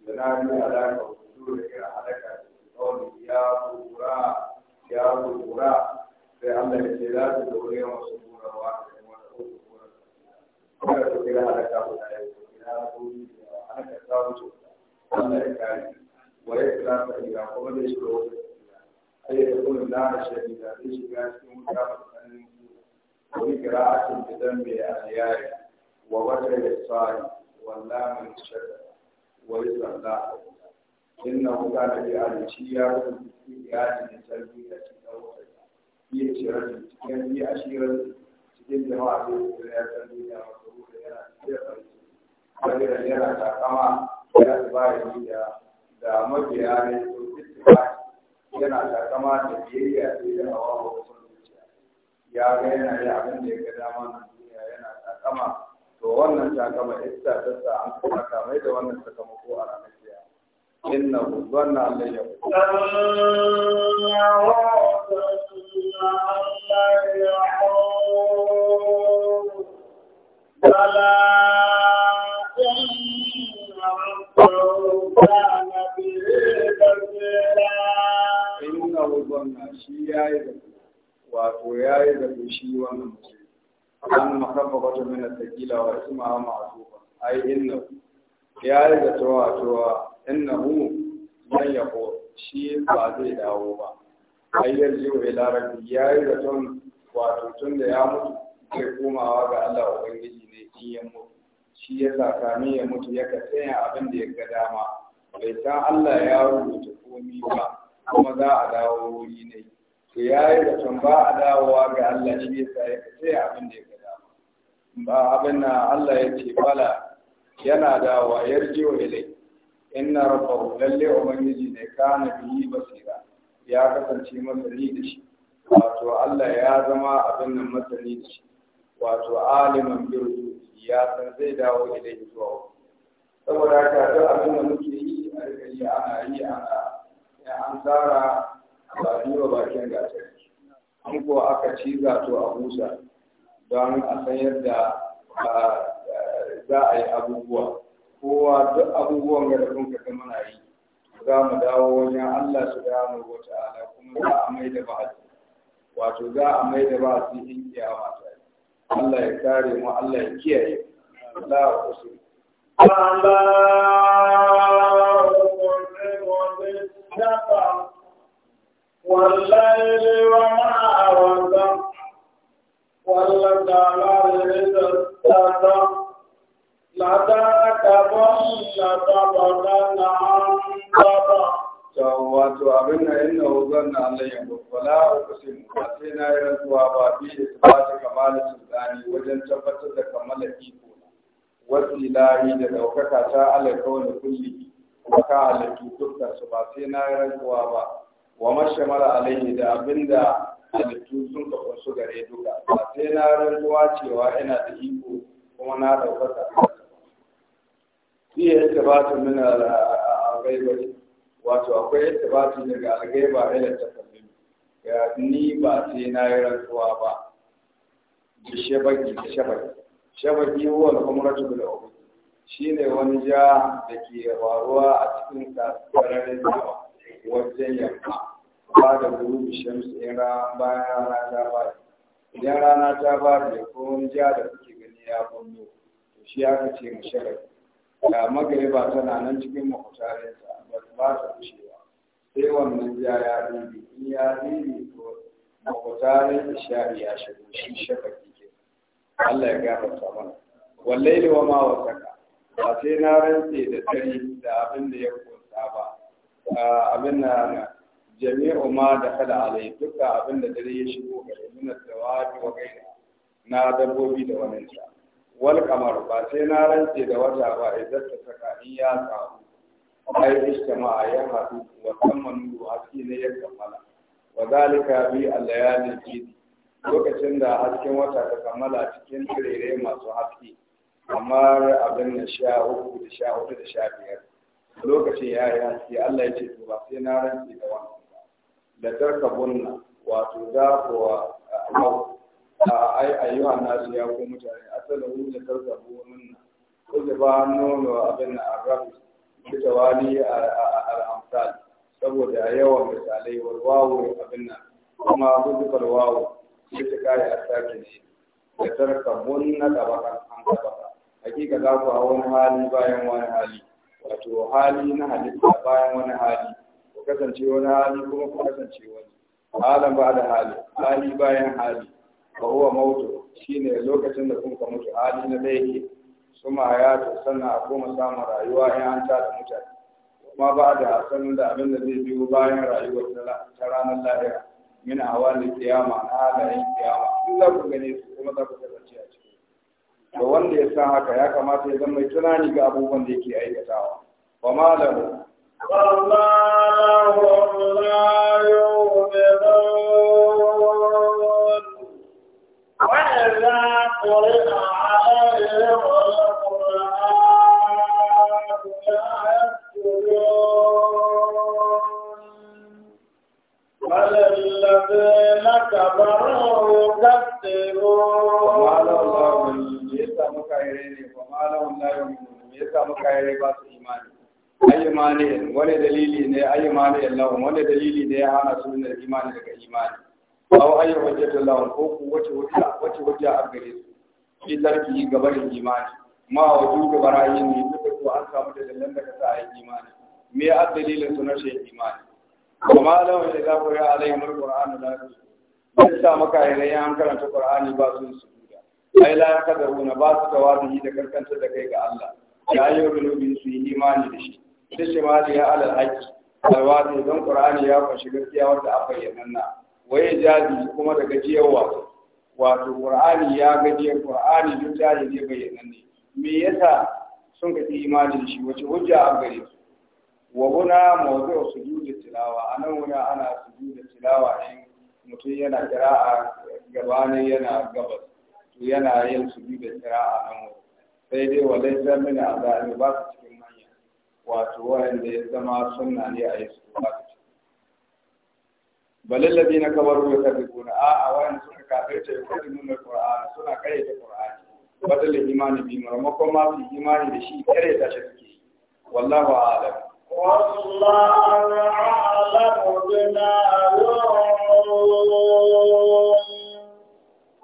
da na bi da ya halaka ya kura ya kura sai ya ce za su kura wa da kuma kura halaka ya halaka ta wuce ya wa ya kira ta kuma da ayyukan da shiga cikin وبقراءة بدم الأخيار ووجه الإحصان واللام المشددة ويصلى إنه كان بآل شيعة في آل سلبية في أشيرة كان في أشيرة cikin jama'a da ya kira ya san duniya masu ruwa yana cikin farki wajen yana takama ya tsibari da da mabiya ne to yana takama da biyayya sai da hawa wasu ya ga yana yi abin da ya ga dama na duniya yana takama to wannan takama ita ta sa an kuma kamai da wannan sakamako a ranar jiya inna hu zanna Allah ya ku Bala inna rabbahu kana bihi basira inna hu zanna shi yi da wato ya yi da shi wannan mutum an makafa wata mina sakila wa isma a ma'azufa ai inna ya yi da ta wato inna hu zan yako shi ba zai dawo ba ai yanzu wa ilarabi ya yi da ton wato tun da ya mutu zai komawa ga Allah ubangiji ne in ya mutu shi ya sa kame ya mutu ya ka tsaya abin da ya ga dama bai san Allah ya rubuta komi ba kuma za a dawo wuri ne ke ya yi can ba a dawowa ga Allah shi ya sa ya sai abin da ya ga ba abin na Allah ya ce bala yana dawowa yarje wa ilai inna rabbahu lalle ubangiji ne kana bihi basira ya kasance masani da shi wato Allah ya zama abin nan masani da shi wato aliman birru ya san zai dawo ilai zuwa saboda haka duk abin da muke yi a rigayi ana yi ana an tsara ba ba bakin gasar An ko aka ciza to a busa don a san yadda za a yi abubuwa kowa duk abubuwan da kun ta mana yi za mu dawo wajen Allah su da mu wata ala kuma za a mai da ba'azi wato za a mai da ba'azi in kiyama Allah ya kare mu Allah ya kiyaye Allah ya kusa Allah ya kusa والليل وما وزق والنهار إذا استسق لتركبن طبقا عن طبق wato abin na yin nahu zanna Allah ya gwagwala a kusin sai na yi rantsuwa ba bi da su ba ta kamalin wajen tabbatar da kammala iko na wasilahi da ɗaukaka ta alaƙa wani kulli ba sai na yi rantsuwa ba wa mara alayhi da abinda halittu sun ka su gare duka ba sai na rantsuwa cewa ina da iko kuma na ɗaukaka iya ta mina al-ghaibati wato akwai ta daga al ila ta takallum ya ni ba sai na yi rantsuwa ba da shabaki da shabaki shabaki huwa kuma umratu bil shi ne wani ja da ke faruwa a cikin sararin sama wajen yamma ba da guru shamsu in rana bayan rana ta ba idan rana ta ba da ko ja da kuke gani ya bullo to shi aka ce musharar da magariba tana nan cikin makwatarinta ba ba ta kushewa sai wannan ja ya dubi in ya dubi ko mahutarin ishari ya shigo shi shafaki ke Allah ya gafarta mana wallahi wa ma wasaka ba sai na rantse da dare da abin da ya kunta ba abin jami'u ma da kada alai duka abin da dare ya shigo ga nuna tawabi wa gaina na dabbobi da wannan sa wal kamar ba sai na rantse da wata ba idan ta saka in ya samu ai ijtama'a ya hadu wa tamanu haske ne ya kammala wa zalika bi al-layali jidi lokacin da hasken wata ta kammala cikin tirere masu haske kamar abin da sha uku da sha hudu da sha biyar lokacin ya yi haske Allah ya ce to ba sai na rance da wannan ba da bunna wato za ku A ai ayyuhan nasu ya ku mutane asalahu da bunna ko da ba nono abin arabi da tawali wani amsal saboda yawan misalai walwawo abin nan kuma gudukar wawo sai ta kare a sake ne da bunna da bakan an tabaka hakika za ku hau wani hali bayan wani hali wato hali na halitta bayan wani hali ku kasance wani hali kuma ku kasance wani halan ba da hali hali bayan hali ba huwa mautu shine lokacin da kun ka mutu hali na da yake ya ta sannan a koma samun rayuwa in an ta da mutane kuma ba da sanin da abin da zai biyo bayan rayuwar ta ranar lahira min awali kiyama na halayen kiyama in za ku gane su kuma za ku da wanda ya san haka ya kamata ya zama mai tunani ga abubuwan da yake aikatawa ba ma da la yu'minun wa idza quri'a 'alayhim al-qur'an كفروا يكذبون الله me yasa makayare ne fa malamun la yu'minu me yasa makayare ba su imani Ayi ayyumani wani dalili ne ayi ayyumani Allah wani dalili ne ya hana su da imani daga imani aw ayyu hujjatu lahum ko ku wace hujja wace hujja a gare su ki tarki gaba da imani ma wujudu barayin ne duk ko an samu da da ka sa ayi imani me a dalilin su na shi imani kuma lawa da za ku yi alayhi alqur'anu la su sa maka yayin an karanta qur'ani ba su su ai la ka da wuna ba su tawadi da karkantar da kai ga Allah ya yi rubin su yi imani da shi da shi ma da ya alal haƙi alwadi don qur'ani ya kunshi gaskiya wanda aka yi nanna waye jazi kuma da gajiyarwa wato ƙur'ani ya gajiyar ƙur'ani duk jazi ne me yasa sun ka imani da shi wace hujja a gare su wa huna mawdu'u sujudi tilawa anan wuna ana sujudi tilawa in mutum yana a gabanin yana gabas yana yin su bi da kira a nan wuri sai dai wale zamin a zaɓi ba su cikin manya wato wayanda ya zama sunna ne a yi su ba su cikin balin na kabar ya ta gona a a'a wayan suka kafirce ya karbi nuna ƙura'ani suna kare ta Kur'ani. badalin imani bi marmakon ma su imani da shi kare ta shi suke yi wallahu a'lam والله أعلم بما يوعون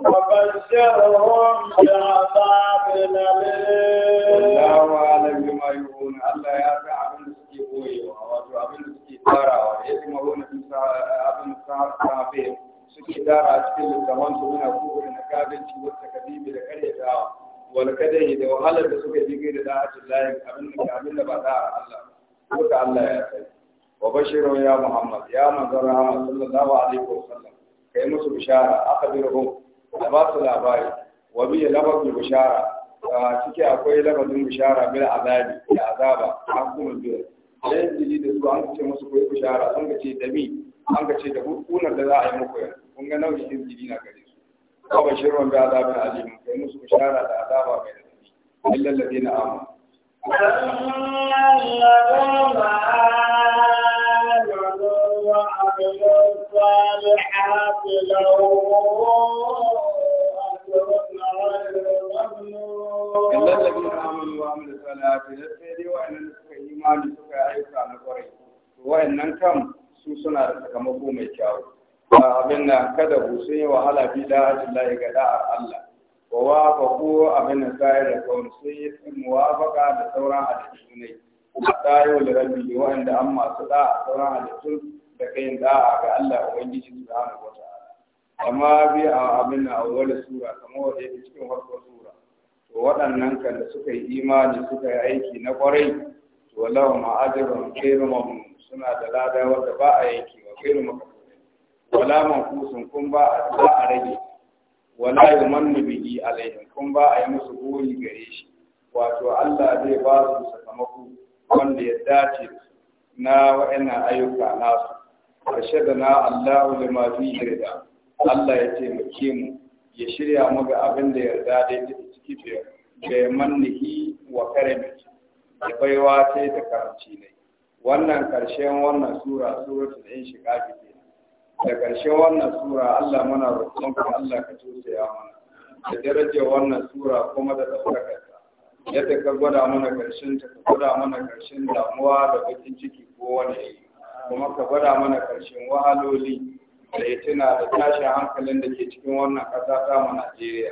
وبشرهم بعذاب أليم والله أعلم بما يقولون الله يعفى عن السكيبوي وعن السكيبارة ويجمعون في أبن الصحابين suke dara a cikin littafan su muna kowane na kabinci wata kadibi da karya da wani kadai da wahalar da suka jige da da'atun layin abin da abin da ba da'a Allah ko da Allah ya sai wa bashiru ya Muhammad ya sallam kai musu bishara aqdiruhum a ba su labari wa bi lafazin bishara a ciki akwai lafazin bishara bil azabi da azaba an kuma biyar sai jiri da su an ce musu kai bishara sun ga ce da mi an ga ce da hukunar da za a yi muku yanzu kun ga nau'in jini na gare su ko bashirun bi azabin alim kai musu bishara da azaba mai da illal ladina amanu الذين آمنوا وعملوا الصالحات لهم أجر غير الذين آمنوا وعملوا الصالحات لسيدي وإن نسك إيمان نسك عيسى نقري وإن ننكم سوسنا رسكمكو ميكاو abin nan kada ku sun yi wahala fi da'atin lahi ga da'ar Allah wa wafaku abin nan sayar da kawai sun yi muwafaka da sauran halittu ne ta yau da rabi wa'anda an masu da sauran halittun da kai da ga Allah ubangiji subhanahu wa ta'ala amma bi a abin na awwal sura kamar wanda yake cikin farkon sura to waɗannan kan da suka yi imani suka yi aiki na kwarai to wallahu ma'ajirun khairu mamnun suna da lada wanda ba a yake wa khairu makasudin wala mankusun kun ba a za a rage wala yumannu bihi alaihim kun ba a yi musu goyi gare shi wato Allah zai ba su sakamako wanda ya dace na waɗannan ayyuka nasu arshadana da lima fi yarda Allah ya taimake mu ya shirya mu ga abin da yarda dai da ciki biyar da ya mannihi wa karami da baiwa ta yi karanci ne wannan ƙarshen wannan sura yin shiga ke da ƙarshen wannan sura Allah muna roƙon ka Allah ka tausaya mana da darajar wannan sura kuma da ɗaukakarta yadda ka gwada mana ƙarshen ta ka gwada mana karshen damuwa da bakin ciki ko wani kuma ka gwada mana ƙarshen wahaloli da ya tuna da tashin hankalin da ke cikin wannan ƙasa ta mu Najeriya.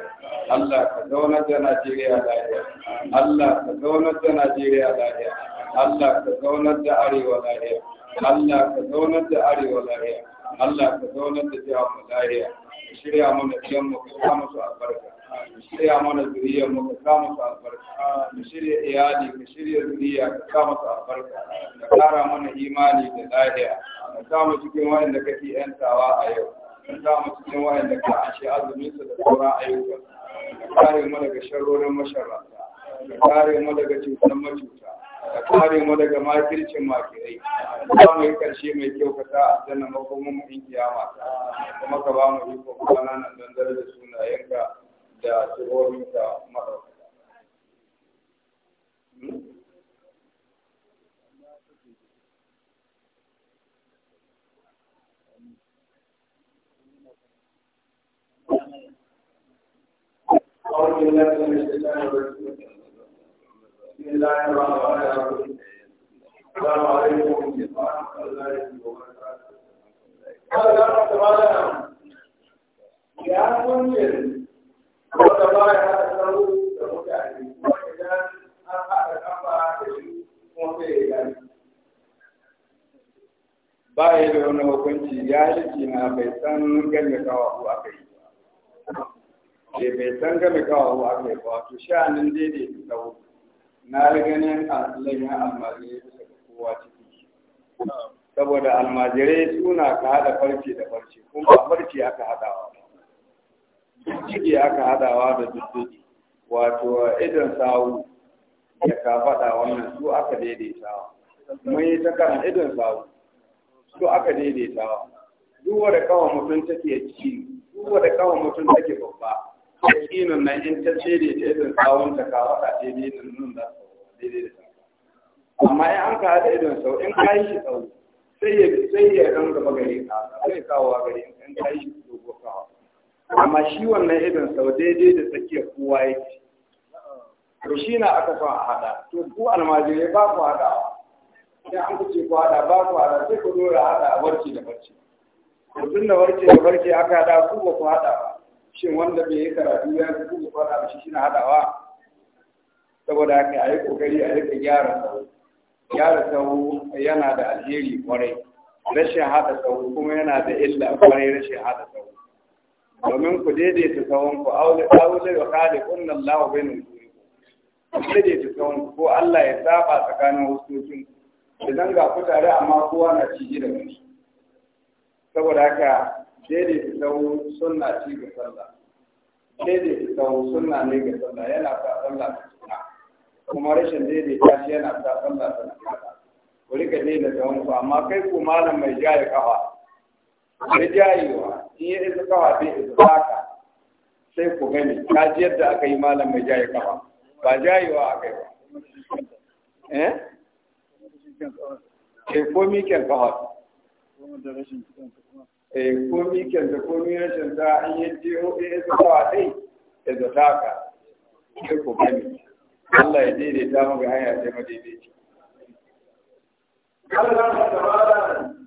Allah ka zaunar da Najeriya lafiya. Allah ka zaunar da Najeriya lafiya. Allah ka zaunar da Arewa lafiya. Allah ka zaunar da Arewa lafiya. Allah ka zaunar da jihar mu lafiya. Shirya mana biyan mu ka a albarka. Ka shirya mana zuriya mu ka kama su albarka ka shirya iyali ka shirya zuriya ka kama su albarka ka kara mana imani da lahiya ka kama cikin waɗanda kake yantawa a yau ka kama cikin da ka ashe azumin su da sauran ayyuka ka kare mu daga sharrorin masharrata ka kare mu daga cutar macuta ka kare mu daga makircin makirai ka kama yi karshe mai kyau ka sa aljanna makomin mu in kiyama kuma ka ba mu iko kwana nan don da sunayenka da jihohin da maɗauka. أعوذ بالله من الشيطان الرجيم بسم الله الرحمن الرحيم السلام عليكم ورحمة الله وبركاته. قال الله تعالى: يا قوم wanda ya haɗa tsawo da mutane kuma ba wani hukunci ya shi na bai san gane kawahu aka yi ba eh, bai san game kawahu aka yi ba wato sha'anin daidaita tsawo na ganin al'ulayen almajirai kowa ciki saboda almajirai suna ka haɗa farce da farce kuma farce aka haɗawa ciki aka hadawa da dudduki wato idan sawu da kafaɗa wannan su aka daidaitawa mun yi ta kan idan sawu su aka daidaitawa duk wanda kawai mutum take ci duk wanda kawai mutum take babba ne nan in ta daidaita idan sawun ta kafaɗa daidaitan nan da daidaita amma in an ka hada idan sawu in ka yi shi sawu sai ya sai ya dan gaba gare ka sai kawo gare in ka yi shi dogo kawo amma shi wannan irin sau daidai da tsakiyar kowa yake to shi na aka son a hada to ku almajirai ba ku hadawa sai an kuce ku hada ba ku hada sai ku dora hada a warke da barci to tun da warke da barci aka hada ku ba ku hada ba shin wanda bai yi karatu ya ku ku hada shi shi na hadawa saboda haka a yi kokari a rika gyara sau gyara sau yana da alheri kwarai rashin hada sau kuma yana da illa kwarai rashin hada sau domin ku daidaita tsawon ku aule aule wa kale kunna Allah bai nan ku daidaita tsawon ku ko Allah ya saba tsakanin huskokin idan ga ku tare amma kowa na ci da wani saboda haka daidaita tsawon sunna ci ga sallah daidaita tsawon sunna ne ga sallah yana sa sallah ta sunna kuma rashin daidaita shi yana sa sallah ta sunna ku rika daidaita tsawon ku amma kai ku malam mai jaya kafa bai jayewa in ya isa bai isa sai ku gani ka ji yadda aka yi malam mai jaye kawa ba jayewa aka yi ba eh ke komi ken eh komi ken eh, da komi rashin ta in yi ji ho isa dai ya ka sai ku gani Allah ya daidaita mu ga hanya sai madaidaici Allah ya tabbata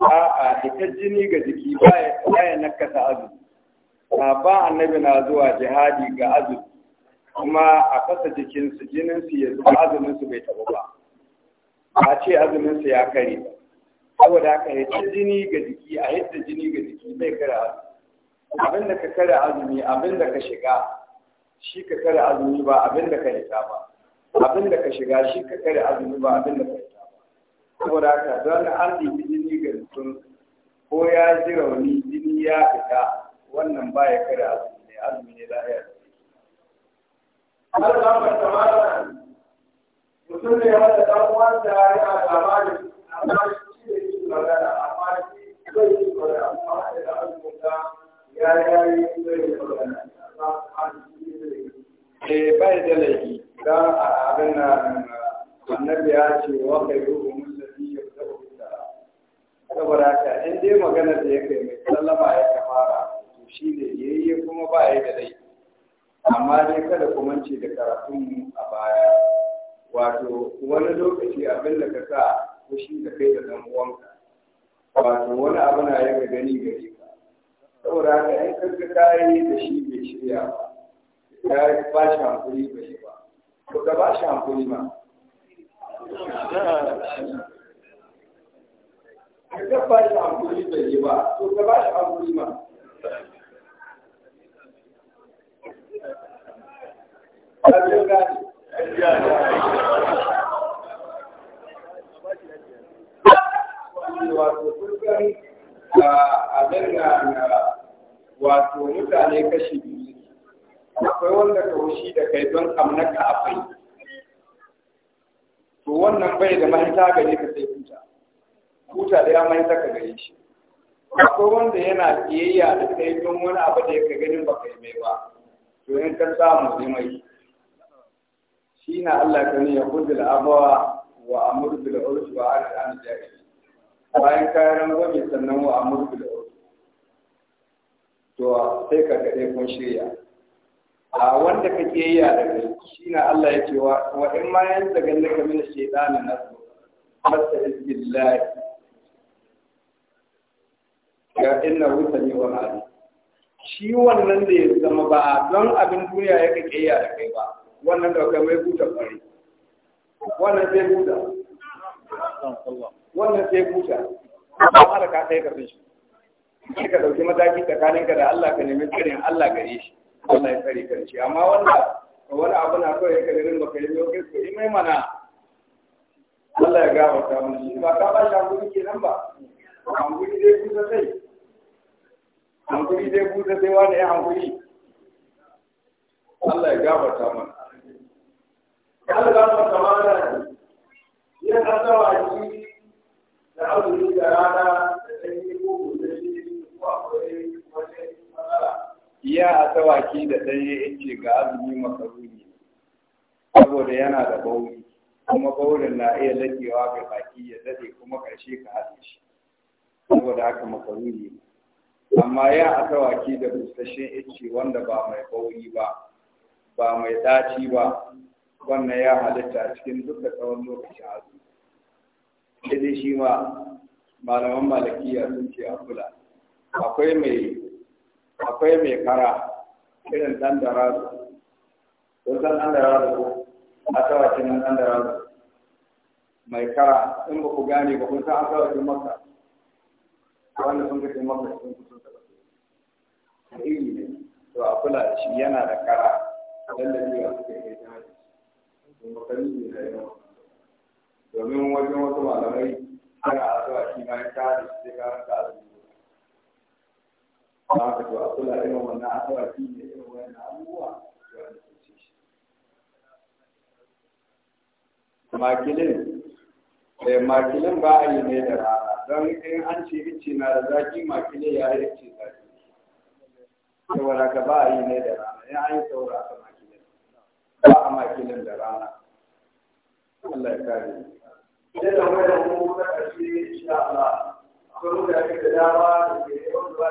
A'a, ita jini ga jiki baya nakasa azumi. Ba annabi na zuwa jihadi ga azumi, kuma a fasa jikinsu jininsu ya zuba azuminsu bai taɓa ba. A ce azuminsu ya kare. Saboda haka hitar jini ga jiki, a hitar jini ga jiki bai kare azumi. Abinda ka kare azumi, abinda ka shiga, shi ka kare azumi ba abin da ka ba abin da ka shiga shi ka kare azumi ba abin da ka hita ba saboda haka don an ɗibi jini ga sun ko ya ji rauni jini ya fita wannan ba ya kare azumi ne azumi ne lahiya Allah ba ta mata mutum ne wanda ɗan da ya yi a labarin amma shi yi magana amma shi zai yi magana amma da ya yi yi magana eh bai da laifi da abin na annabi ya ce wa kai ruhu musulmi ya fita fita saboda haka in dai magana da ya kai mai sallama ya kamara, to shi ne yayye kuma ba ya da laifi amma dai kada ku mance da karatun a baya wato wani lokaci abin da ka sa fushi da kai da dan uwanka wato wani abu na ya gani gari. ka saboda haka in ka ga kayi da shi bai shirya ba ya ba shi hankuri bai yi ba ko ka ba shi hankuri ma ka ba shi hankuri bai yi ba ko ka ba shi hankuri ma Wato, kun gani a abin na wato mutane kashi biyu akwai wanda ka hushi da kai don ka afai to wannan bai da mahita gare ka sai kuta kuta da ya mahita ka gare shi akwai wanda yana kiyayya da kai don wani abu da yake ganin ba kai mai ba to in ka samu ne mai shi na Allah ka ne ya kudul abawa wa amur bil urf wa an an jahili bayan kayan gwami sannan wa amur bil urf to sai ka gade kun shirya a wanda ka yi da kai shi na Allah ya ce wa in ma yan daga ne ka mina shaitana na su masa izbillahi ga inna wuta wa hali shi wannan da ya zama ba a don abin duniya ya kake yi da kai ba wannan da kai mai buta fari wannan sai buta wannan sai buta ba da ka sai ka fi shi ka dauki mataki tsakaninka da Allah ka nemi tsirin Allah gare shi Allah ya tsare ka amma wanda ka wani abu na kawai ka rinka kai yau kai ko imai mana Allah ya ga gafarta mun shi ba ka ba shi hankuri kenan ba hankuri dai kusa sai hankuri dai kusa sai wani ya hankuri Allah ya gafarta mun Allah ya gafarta mun ya kasawa shi da azumi da rana da sanyi iya a tawaki da ɗaya ce ga azumi makaruni saboda yana da bauri kuma baurin na iya daɗewa ga baki ya daɗe kuma ƙarshe ka haɗe shi saboda haka makaruni amma ya a tawaki da busasshen ce wanda ba mai bauri ba ba mai ɗaci ba wannan ya halitta cikin duka tsawon lokacin azumi sai shi ma malaman malaki ya ce a kula akwai mai akwai mai kara irin ɗan da razu ko ɗan dan da razu a tawacin ɗan da razu mai kara in ba ku gane ba kun san an tawacin maka wanda sun kace maka sun kusa da iri ne to a kula da shi yana da kara don da ne a cikin ya ta to makani ne da yawa domin wajen wasu malamai ana a tawacin bayan kare sai karanta azumi ba haka to a kula irin wannan asara shi ne irin wannan abubuwa wanda ke ce shi makilin eh makilin ba a yi ne da rana don in an ce ice na da zaki makile ya yi ice zaki saboda ka ba a yi ne da rana in an yi saura aka makilin ba a makilin da rana Allah ya kare ni. Sai da wani abubuwa da shi insha Allah akwai mutane da dama da ke yawan zuwa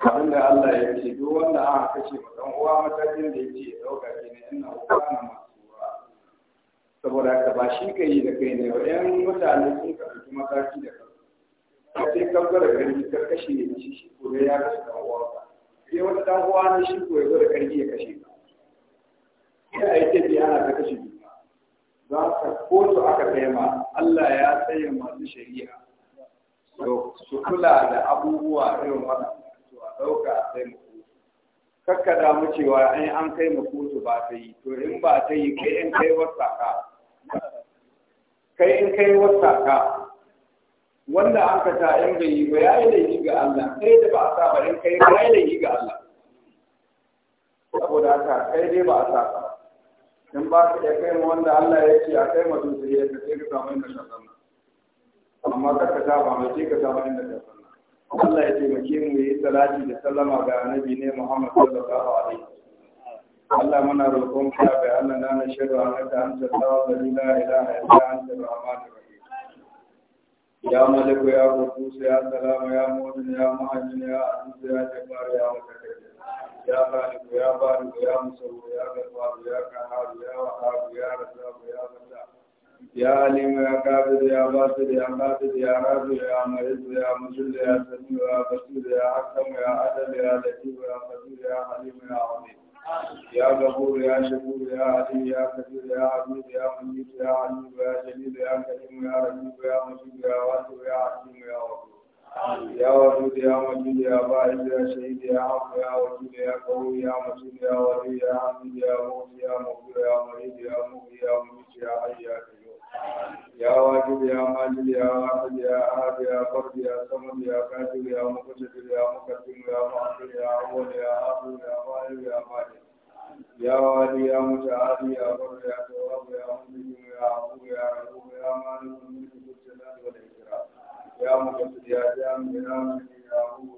abin da Allah ya ce duk wanda aka kashe ba dan uwa matakin da yake ya dauka kenan ina uwana masura saboda ka ba shi ka yi da kai ne bayan mutane sun ka dauki mataki da kai ka sai ka gwada gari ka kashe ne shi shi ko ya kashe dan uwa ba. sai wani dan uwa ne shi ko ya gwada karfi ya kashe ka sai a yi tafiya ana ta kashe juna za ka to aka ma Allah ya tsaye masu shari'a su kula da abubuwa irin wannan ɗauka a kai mu kakka mu cewa an an kai mu kutu ba ta yi to in ba ta yi kai in kai wasa ka kai in kai wasa ka wanda an ka ta in bai yi ba ya yi laifi ga Allah kai da ba a sa ba in kai ba ya yi laifi ga Allah saboda haka kai dai ba a sa in ba ka iya kai mu wanda Allah ya ce a kai mu dutse ya ka sai ka samu inda ka zama amma kakka ta ba mai ce ka samu inda ka zama Allah ya taimake mu yi salati da sallama ga annabi ne Muhammad sallallahu alaihi Allah muna roƙon ka ga Allah na na shirwa a ta an da lila ilaha da anta da ya Malik ya qudus ya salama ya mu'min ya muhaimin ya aziz ya jabbar ya mutakabbir ya khaliq ya barik ya musawwir ya ghafar ya qahhar ya wahhab ya razzaq ya يا عليم يا قابض يا باسط يا قابض يا رافع يا معز يا مجل يا سميع يا بصير يا حكم يا عدل يا لطيف يا خبير يا حليم يا عظيم يا غفور يا شكور يا علي يا كبير يا عبيد يا مجيد يا عليم يا جليل يا كريم يا رقيب يا مجيب يا واسع يا حكيم يا غفور يا ودود يا مجيد يا باعث يا شهيد يا عفو يا وكيل يا قوي يا متين يا ولي يا حميد يا مغني يا مغفور يا معيد يا مغني يا مميت يا حي يا كريم يا واجب يا ماجد يا واحد يا احد يا فرد يا صمد يا قادر يا مقتدر يا مقدم يا مؤخر يا اول يا اخر يا ظاهر يا مالك يا والي يا متعالي يا بر يا تواب يا منتج يا عفو يا رؤوف يا مالك من ذو الجلال والاكرام يا مقتدر يا جامع يا مجيد يا هو